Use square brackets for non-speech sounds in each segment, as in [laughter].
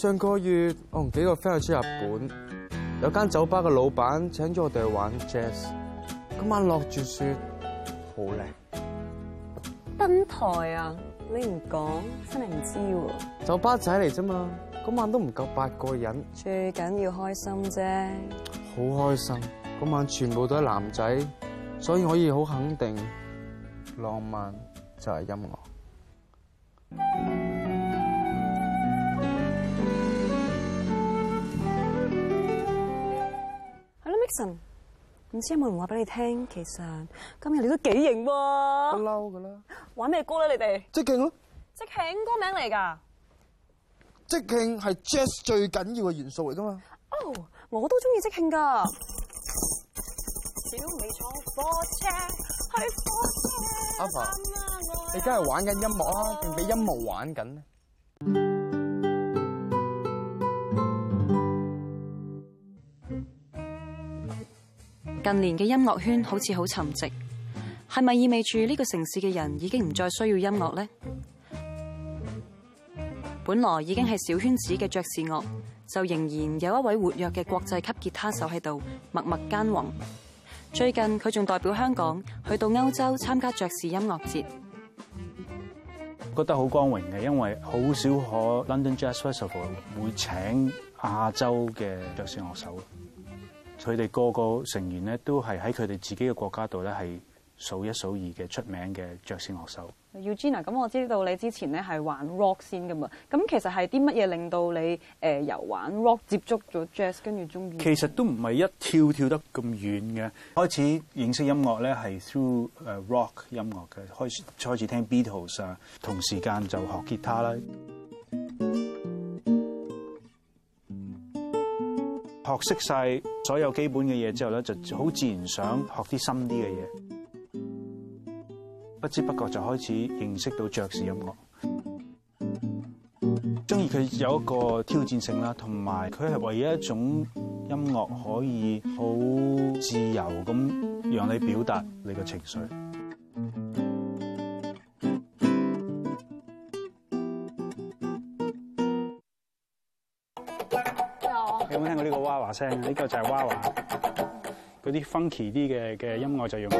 上個月我同幾個 friend 去出日本，有間酒吧嘅老闆請咗我哋去玩 jazz。今晚落住雪，好靚。登台啊！你唔講真係唔知喎啊。酒吧仔嚟啫嘛，今晚都唔夠八個人。最緊要開心啫。好開心，今晚全部都係男仔，所以我可以好肯定，浪漫就係音樂。唔知道有冇人話俾你聽，其實今日你都幾型喎。不嬲噶啦。玩咩歌咧？你哋即興咯。即興歌名嚟噶。即興係 jazz 最緊要嘅元素嚟噶嘛。哦，我都中意即興噶。阿爸，你真係玩緊音樂啊，定俾音樂玩緊近年嘅音樂圈好似好沉寂，係咪意味住呢個城市嘅人已經唔再需要音樂呢？本來已經係小圈子嘅爵士樂，就仍然有一位活躍嘅國際級結他手喺度默默耕耘。最近佢仲代表香港去到歐洲參加爵士音樂節，覺得好光榮嘅，因為好少可 London Jazz Festival 會請亞洲嘅爵士樂手。佢哋個個成員咧，都係喺佢哋自己嘅國家度咧，係數一數二嘅出名嘅爵士樂手。Eugene，咁我知道你之前咧係玩 rock 先㗎嘛？咁其實係啲乜嘢令到你誒由玩 rock 接觸咗 jazz，跟住中意？其實都唔係一跳跳得咁遠嘅。開始認識音樂咧，係 through 誒 rock 音樂嘅，開始開始聽 Beatles 啊，同時間就學吉他啦。學識晒所有基本嘅嘢之後咧，就好自然想學啲深啲嘅嘢，不知不覺就開始認識到爵士音樂。鍾意佢有一個挑戰性啦，同埋佢係唯一一種音樂可以好自由咁讓你表達你嘅情緒。聲呢個就係哇哇嗰啲 funky 啲嘅嘅音樂就用。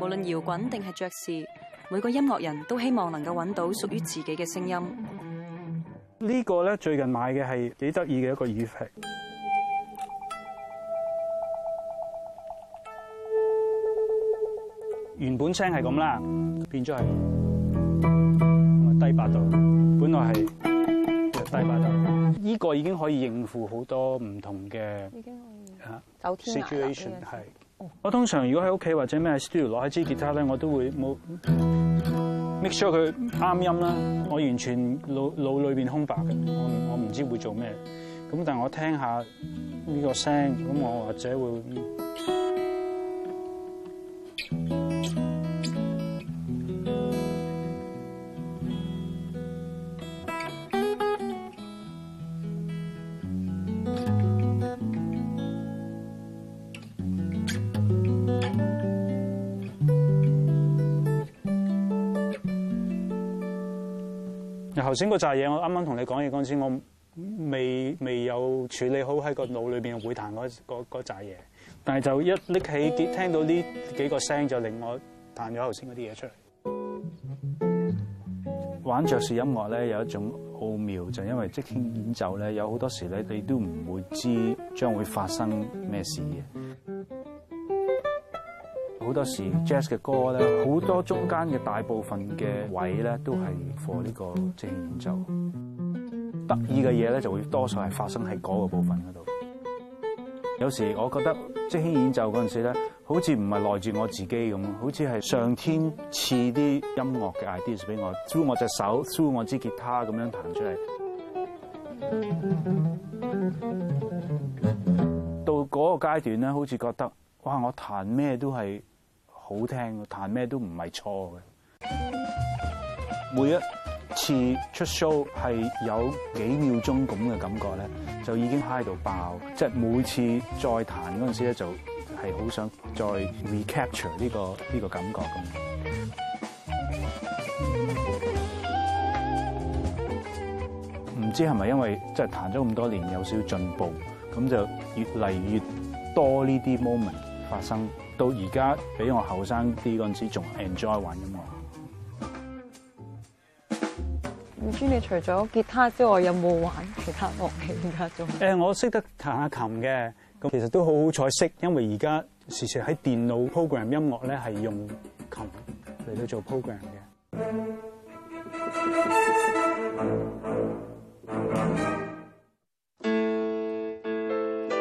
無論搖滾定係爵士，每個音樂人都希望能夠揾到屬於自己嘅聲音。呢個咧最近買嘅係幾得意嘅一個耳皮。原本聲係咁啦，變咗係低八度，本來係低八度。嗯呢個已經可以應付好多唔同嘅，啊，situation 係。我通常如果喺屋企或者咩，studio 攞喺支吉他咧，我都會冇 make sure 佢啱音啦。我完全腦腦裏邊空白嘅，我我唔知會做咩。咁但係我聽下呢個聲，咁我或者會。頭先嗰扎嘢，我啱啱同你講嘢嗰陣時，我未未有處理好喺個腦裏邊嘅會彈嗰嗰扎嘢，但係就一拎起聽到呢幾個聲，就令我彈咗頭先嗰啲嘢出嚟。玩爵士音樂咧，有一種奧妙，就因為即興演奏咧，有好多時咧你都唔會知將會發生咩事嘅。好多時 jazz 嘅歌咧，好多中間嘅大部分嘅位咧，都係 for 呢個即興演奏的。得意嘅嘢咧，就會多數係發生喺嗰個部分嗰度。有時我覺得即興演奏嗰陣時咧，好似唔係來自我自己咁，好似係上天賜啲音樂嘅 ideas 俾我，through 我隻手，through 我支吉他咁樣彈出嚟。到嗰個階段咧，好似覺得，哇！我彈咩都係好聽，彈咩都唔係錯嘅。每一次出 show 係有幾秒鐘咁嘅感覺咧，就已經嗨到爆。即係每次再彈嗰陣時咧，就係好想再 recapture 呢個呢個感覺咁。唔知係咪因為即係彈咗咁多年有少少進步，咁就越嚟越多呢啲 moment 發生。到而家比我後生啲嗰陣時仲 enjoy 玩音樂。唔知你除咗吉他之外，有冇玩其他樂器而家仲？誒，我識得彈下琴嘅，咁其實都好好彩識，因為而家時時喺電腦 program 音樂咧，係用琴嚟到做 program 嘅。 [music]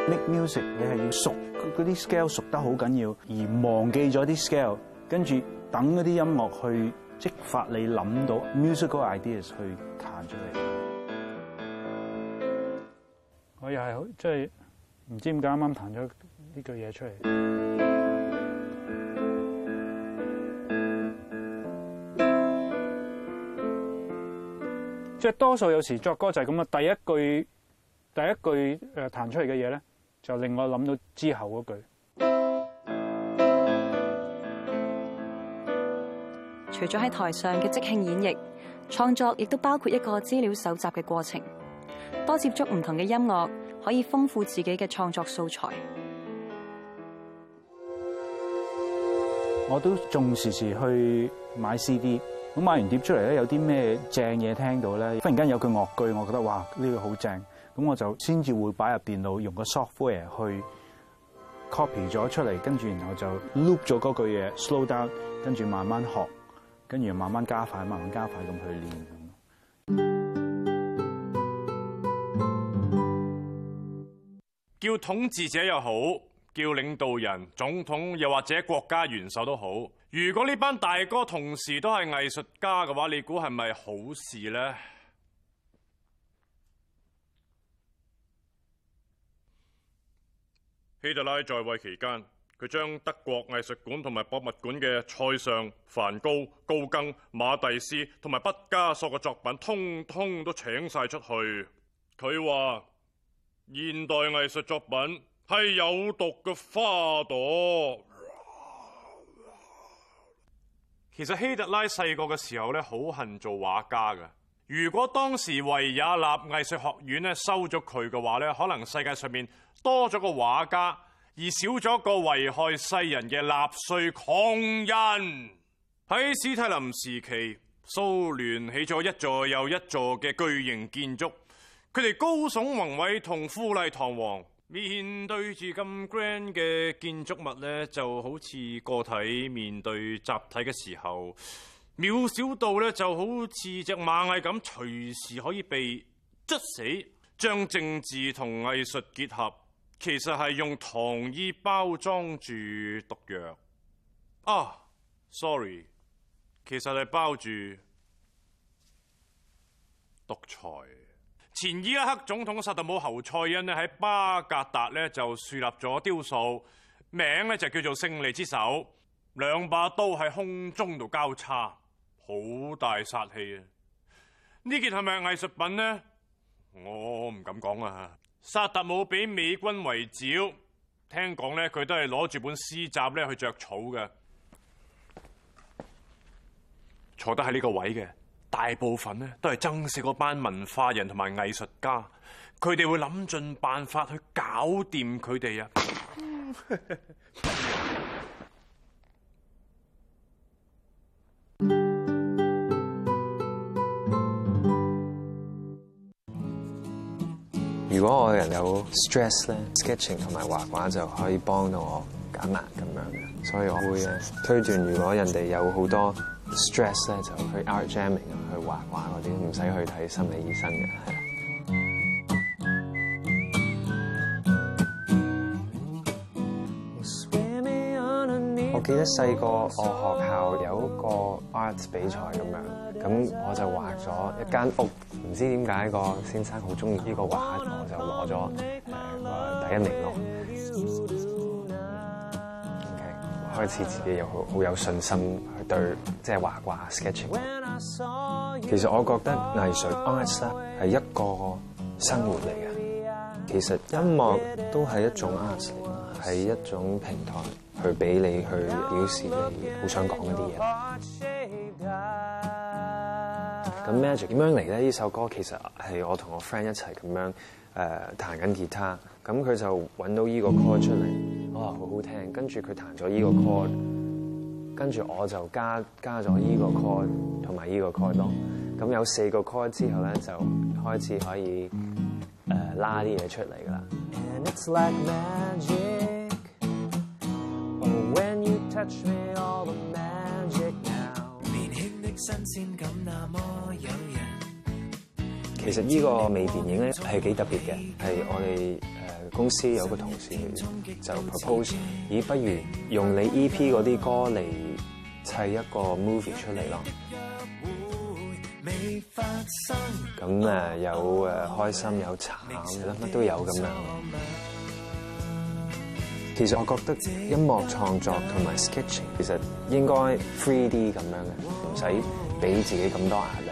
Make music 你係要熟嗰啲 scale 熟得好緊要，而忘記咗啲 scale，跟住等嗰啲音樂去激發你諗到 musical ideas 去彈出嚟。我又係好即係唔知點解啱啱彈咗呢句嘢出嚟。即係多數有時作歌就係咁啊，第一句第一句誒彈出嚟嘅嘢咧。就令我諗到之後嗰句。除咗喺台上嘅即興演繹，創作亦都包括一個資料搜集嘅過程。多接觸唔同嘅音樂，可以豐富自己嘅創作素材。我都仲時時去買 CD，咁買完碟出嚟咧，有啲咩正嘢聽到咧，忽然間有句樂句，我覺得哇呢個好正。咁我就先至會擺入電腦，用個 software 去 copy 咗出嚟，跟住然後就 loop 咗嗰句嘢，slow down，跟住慢慢學，跟住慢慢加快，慢慢加快咁去練。叫統治者又好，叫領導人、總統又或者國家元首都好，如果呢班大哥同時都係藝術家嘅話，你估係咪好事呢？希特拉在位期間，佢將德國藝術館同埋博物館嘅塞尚、梵高、高更、馬蒂斯同埋畢加索嘅作品，通通都請晒出去。佢話現代藝術作品係有毒嘅花朵。其實希特拉細個嘅時候咧，好恨做畫家嘅。如果當時維也納藝術學院呢收咗佢嘅話呢，可能世界上面多咗個畫家，而少咗個危害世人嘅納粹狂人。喺史太林時期，蘇聯起咗一座又一座嘅巨型建築，佢哋高聳宏偉同富麗堂皇。面對住咁 grand 嘅建築物呢，就好似個體面對集體嘅時候。渺小到咧就好似隻螞蟻咁，隨時可以被卒死。將政治同藝術結合，其實係用糖衣包裝住毒藥啊。啊，sorry，其實係包住獨裁。前伊拉克總統薩達姆侯賽因咧喺巴格達咧就樹立咗雕塑，名咧就叫做勝利之手，兩把刀喺空中度交叉。好大殺氣啊！呢件係咪藝術品呢？我唔敢講啊！薩達姆畀美軍圍剿，聽講咧佢都係攞住本詩集咧去着草嘅。坐得喺呢個位嘅，大部分呢都係憎死嗰班文化人同埋藝術家，佢哋會諗盡辦法去搞掂佢哋啊！ [laughs] 如果我人有 stress 咧，sketching 同埋畫畫就可以幫到我減壓咁樣。所以我會咧推斷，如果人哋有好多 stress 咧，就去 art jamming 去畫畫嗰啲，唔使去睇心理醫生嘅係啦。我記得細個我學校有一個 art 比賽咁樣，咁我就畫咗一間屋，唔知點解個先生好中意呢個畫。就攞咗誒第一名咯。OK，開始自己又好好有信心去對，即係畫畫 sketching。其實我覺得藝術 art 係一個生活嚟嘅。其實音樂都係一種 art 嚟，係一種平台去俾你去表示你好想講嗰啲嘢。咁 magic 點樣嚟咧？呢首歌其實係我同我 friend 一齊咁樣。誒、呃、彈緊吉他，咁佢就揾到依個 chord 出嚟，哇好、哦、好聽！跟住佢彈咗依個 chord，跟住我就加加咗依個 chord 同埋依個 chord 咯。咁有四個 chord 之後咧，就開始可以、呃、拉啲嘢出嚟㗎啦。And 其實呢個微電影咧係幾特別嘅，係我哋公司有一個同事就 propose，咦，不如用你 EP 嗰啲歌嚟砌一個 movie 出嚟咯。咁有誒開心有慘啦，乜都有咁樣。其實我覺得音樂創作同埋 sketching 其實應該 free 啲咁樣嘅，唔使俾自己咁多壓力。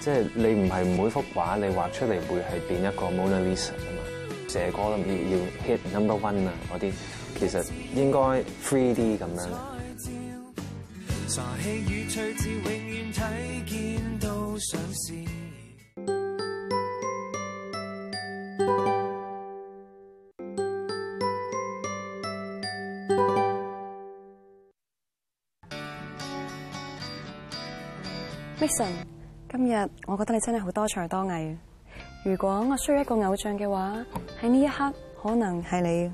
即係你唔係每幅畫你畫出嚟會係變一個 Mona Lisa 啊嘛，寫歌都要要 hit number one 啊嗰啲，其實應該 free 啲咁樣。Misson。今日我覺得你真係好多才多藝。如果我需要一個偶像嘅話，喺呢一刻可能係你。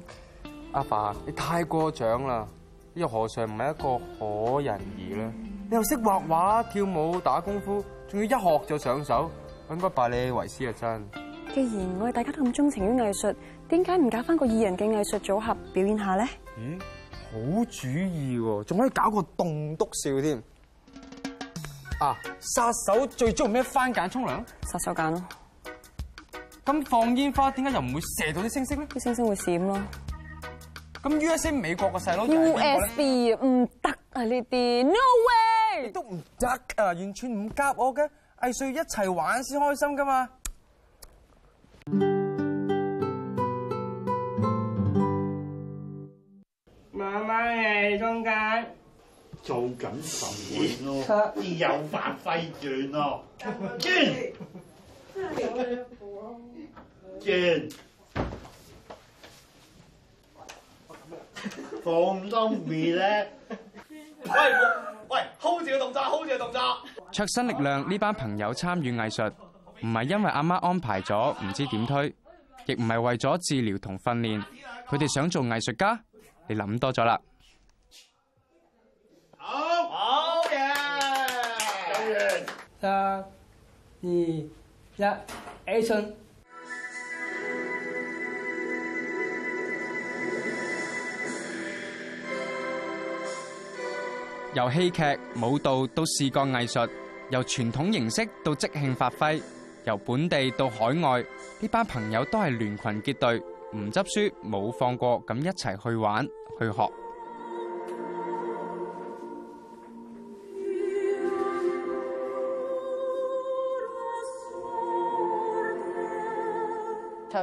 阿爸，你太過獎啦，你又何嘗唔係一個可人兒咧？你又識畫畫、跳舞、打功夫，仲要一學就上手，我應該拜你為師啊！真。既然我哋大家都咁鍾情於藝術，點解唔搞翻個二人嘅藝術組合表演一下咧？嗯，好主意喎，仲可以搞個棟篤笑添。啊！殺手最中用咩番梘沖涼？殺手梘咯。咁放煙花點解又唔會射到啲星星咧？啲星星會閃咯。咁 U S A 美國個細佬點樣咧？U S A 唔得啊，呢啲，no way！你都唔得啊，完全唔夾我嘅。藝術要一齊玩先開心噶嘛。媽媽係中間。做緊訓練咯，又發揮完咯，轉，轉，放鬆面咧。喂喂，hold 住個動作，hold 住個動作。卓新力量呢班朋友參與藝術，唔係因為阿媽安排咗，唔知點推，亦唔係為咗治療同訓練。佢哋想做藝術家，你諗多咗啦。三、二、一，Action！由戲劇舞蹈到視覺藝術，由傳統形式到即興發揮，由本地到海外，呢班朋友都係聯群結隊，唔執輸，冇放過，咁一齊去玩去學。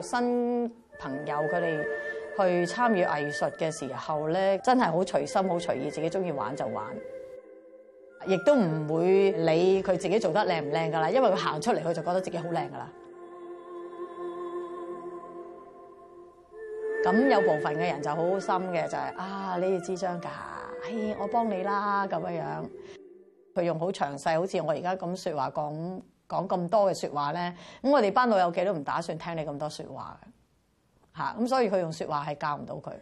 新朋友佢哋去參與藝術嘅時候呢，真係好隨心、好隨意，自己鍾意玩就玩，亦都唔會理佢自己做得靚唔靚㗎喇，因為佢行出嚟，佢就覺得自己好靚㗎喇。咁有部分嘅人就好好心嘅，就係、是、啊，呢啲支障架，嘿、哎，我幫你啦咁樣樣。佢用好詳細，好似我而家咁説話講。講咁多嘅說話咧，咁我哋班老友記都唔打算聽你咁多說話嘅，咁所以佢用說話係教唔到佢。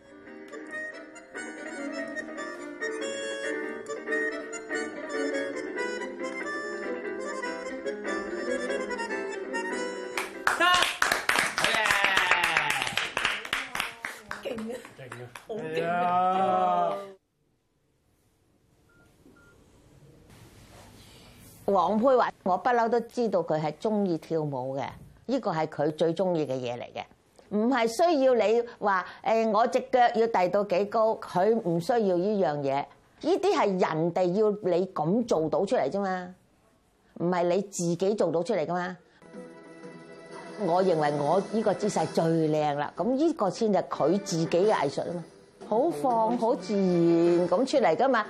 得，好嘅，勁啊，勁啊，好勁啊！王佩華，我不嬲都知道佢係中意跳舞嘅，呢個係佢最中意嘅嘢嚟嘅。唔係需要你話誒，我隻腳要遞到幾高，佢唔需要呢樣嘢，呢啲係人哋要你咁做到出嚟啫嘛，唔係你自己做到出嚟噶嘛。我認為我呢個姿勢最靚啦，咁呢個先係佢自己嘅藝術啊嘛，好放好自然咁出嚟噶嘛。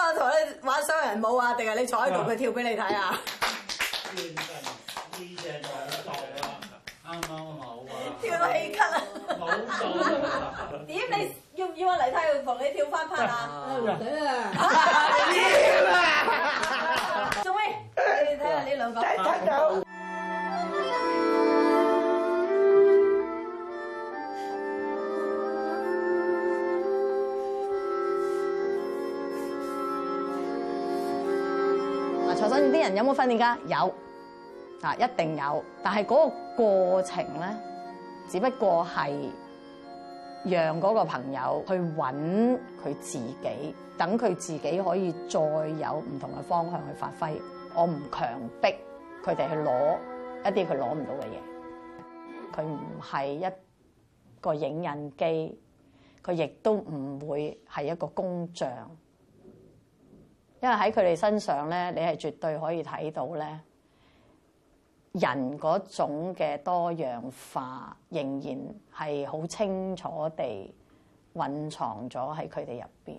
我同你玩雙人舞啊，定係你坐喺度佢跳俾你睇啊？啱啱冇跳到氣咳啊！點你要唔要我嚟睇佢幫你跳翻拍啊？死啦！仲威，你睇下呢兩個。啲人有冇訓練㗎？有啊，一定有。但係嗰個過程咧，只不過係讓嗰個朋友去揾佢自己，等佢自己可以再有唔同嘅方向去發揮。我唔強迫佢哋去攞一啲佢攞唔到嘅嘢。佢唔係一個影印機，佢亦都唔會係一個工匠。因為喺佢哋身上咧，你係絕對可以睇到咧，人嗰種嘅多樣化，仍然係好清楚地蘊藏咗喺佢哋入邊。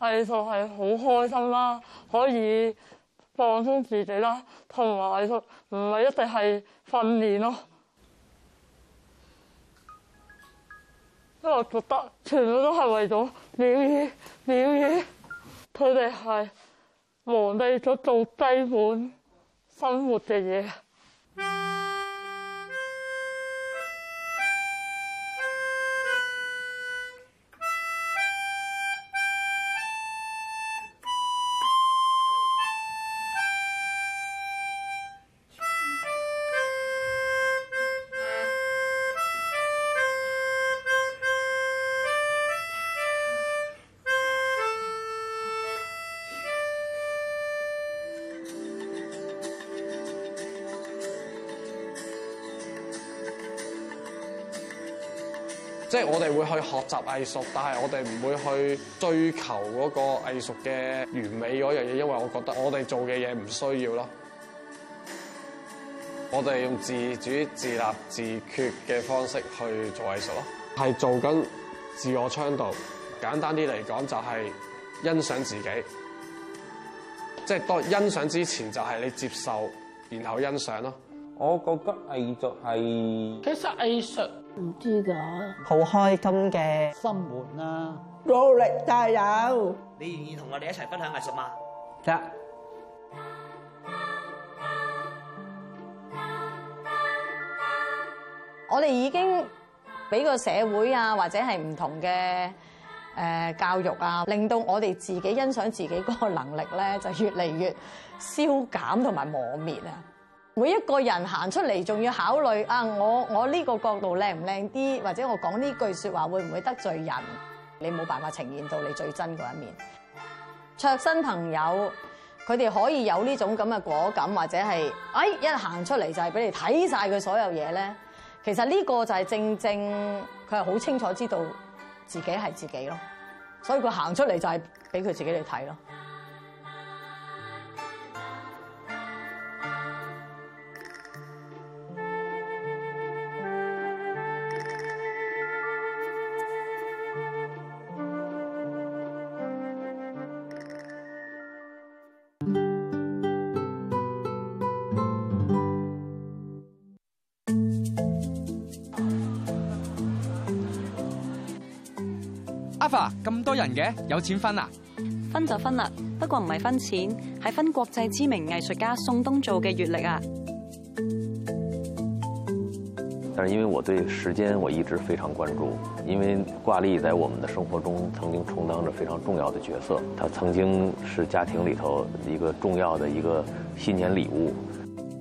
藝術係好開心啦，可以放鬆自己啦，同埋藝術唔係一定係訓練咯。因為我覺得全部都係為咗表演，表演，佢哋係忘記了做基本生活嘅嘢。我哋會去學習藝術，但係我哋唔會去追求嗰個藝術嘅完美嗰樣嘢，因為我覺得我哋做嘅嘢唔需要咯。我哋用自主、自立、自決嘅方式去做藝術咯，係做緊自我倡導。簡單啲嚟講，就係欣賞自己，即係當欣賞之前，就係你接受，然後欣賞咯。我覺得藝術係其實藝術。唔知㗎，好開心嘅，心滿啦、啊，努力加油！你願意同我哋一齊分享藝術嗎？得行。我哋已經俾個社會啊，或者係唔同嘅，誒教育啊，令到我哋自己欣賞自己嗰個能力咧，就越嚟越消減同埋磨滅啊！每一個人行出嚟，仲要考慮啊，我我呢個角度靚唔靚啲，或者我講呢句說話會唔會得罪人？你冇辦法呈現到你最真嗰一面。卓新朋友，佢哋可以有呢種咁嘅果敢，或者係哎一行出嚟就係俾你睇晒佢所有嘢咧。其實呢個就係正正佢係好清楚知道自己係自己咯，所以佢行出嚟就係俾佢自己嚟睇咯。咁多人嘅有錢分啊？分就分啦，不過唔係分錢，係分國際知名藝術家宋冬做嘅月曆啊。但是因為我對時間我一直非常關注，因為掛歷在我們的生活中曾經充當着非常重要的角色，它曾經是家庭裏頭一個重要的一個新年禮物。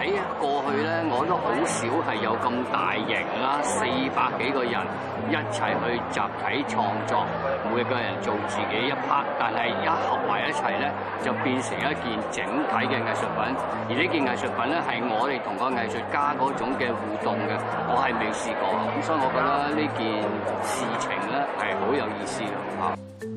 喺過去咧，我都好少係有咁大型啦，四百幾個人一齊去集體創作，每個人做自己一 part，但係一合埋一齊咧，就變成一件整體嘅藝術品。而呢件藝術品咧，係我哋同個藝術家嗰種嘅互動嘅，我係未試過，咁所以我覺得呢件事情咧係好有意思嘅。